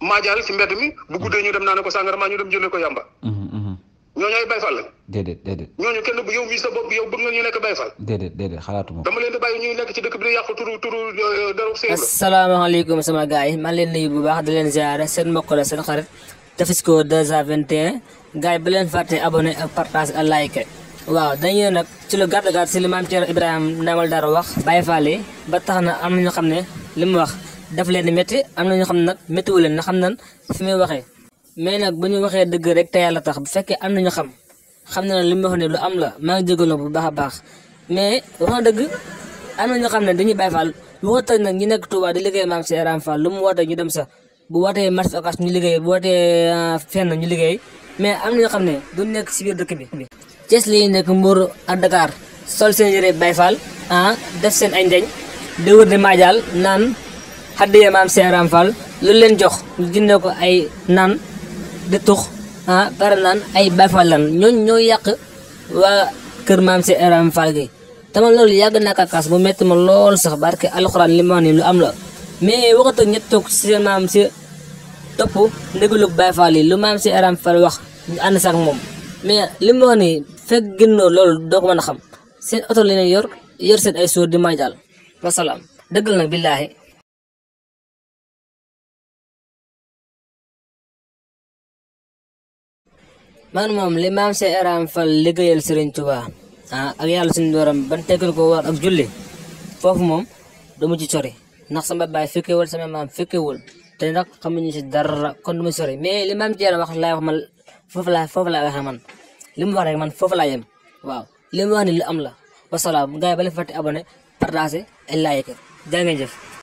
maajaal si mbedd mi bu guddee ñu dem naa ne ko sàngara maa ñu dem jëlee ko yàmba. Mhm, mhm. ñooñu ay bayfal lañ. déedéet déedéet. ñooñu kenn bu yow mii sa bopp yow bëgg nga ñu nekk bayfal. déedéet déedéet xalaatu ma. dama leen di bàyyi nekk ci dëkk bi di yàqu turu turu euh, daru seen. asalaamaaleykum sama gars yi maa leen nuyu bu baax di leen ziare seen mbokk la seen xarit Tafisco 221 gars yi ba leen fàtte abonné ak partage ak like waaw dañu nag ci lu gàtt gàtt si li maam Thierno Ibrahima Ndamal Dara wax bayfal yi ba tax na am xam ne li mu daf leen métti am na ñoo xam ne nag métti leen na xam nan fi muy waxee mais nag bu ñu waxee dëgg rek te yàlla tax bu fekkee am na ñu xam xam na ne li mu wax ne lu am la maa ngi jégalu bu baax a baax mais wax na dëgg am na ñoo xam ne dañuy bàyyi Fall woote nag ñi nekk Touba di liggéey maam si Raam lu mu woote ñu dem sax bu wootee marché occasion ñu liggéey bu wootee euh, fenn ñu liggéey mais am na ñoo xam ne du nekk si biir dëkk bi. Thiès lañuy nekk Mbour ak Dakar sol seen yëre Baye Fall ah, def seen ay ndeñ di wër di maajaal naan. xaddiyee maam seeraam Fall lu leen jox ñu jëndee ko ay naan di tux ah pare naan ay bayfalan ñooñ ñoo yàq waa kër maam seeraam Fall gi tama loolu yàgg na ko kaas bu metti ma lool sax barke alxuraan li ma lu am la mais waxatu ñett toog si seen lu maam seeraam Fall wax ñu ànd sax moom mais li ma wax nii fekk ginnoo loolu doo ko seen oto la yor yor seen ay suur di may daal wasalaam dëggal nag billaahi man moom li maam Cheikh Ibrahima Fall liggéeyal Serigne Touba ah ak yàlla suñu borom ban tegal ko war ak julli foofu moom du ma ci sori ndax sama baay fekkewul sama maam fekkewul te nag xamuñu ci dara kon du ma sori mais li maam Cheikh wax laay wax man foofu laa foofu laa waxee man li mu wax rek man foofu laa yem waaw li mu wax am la wasalaam gars yi ba leen fàtte abonné partagé et like jaa ngeen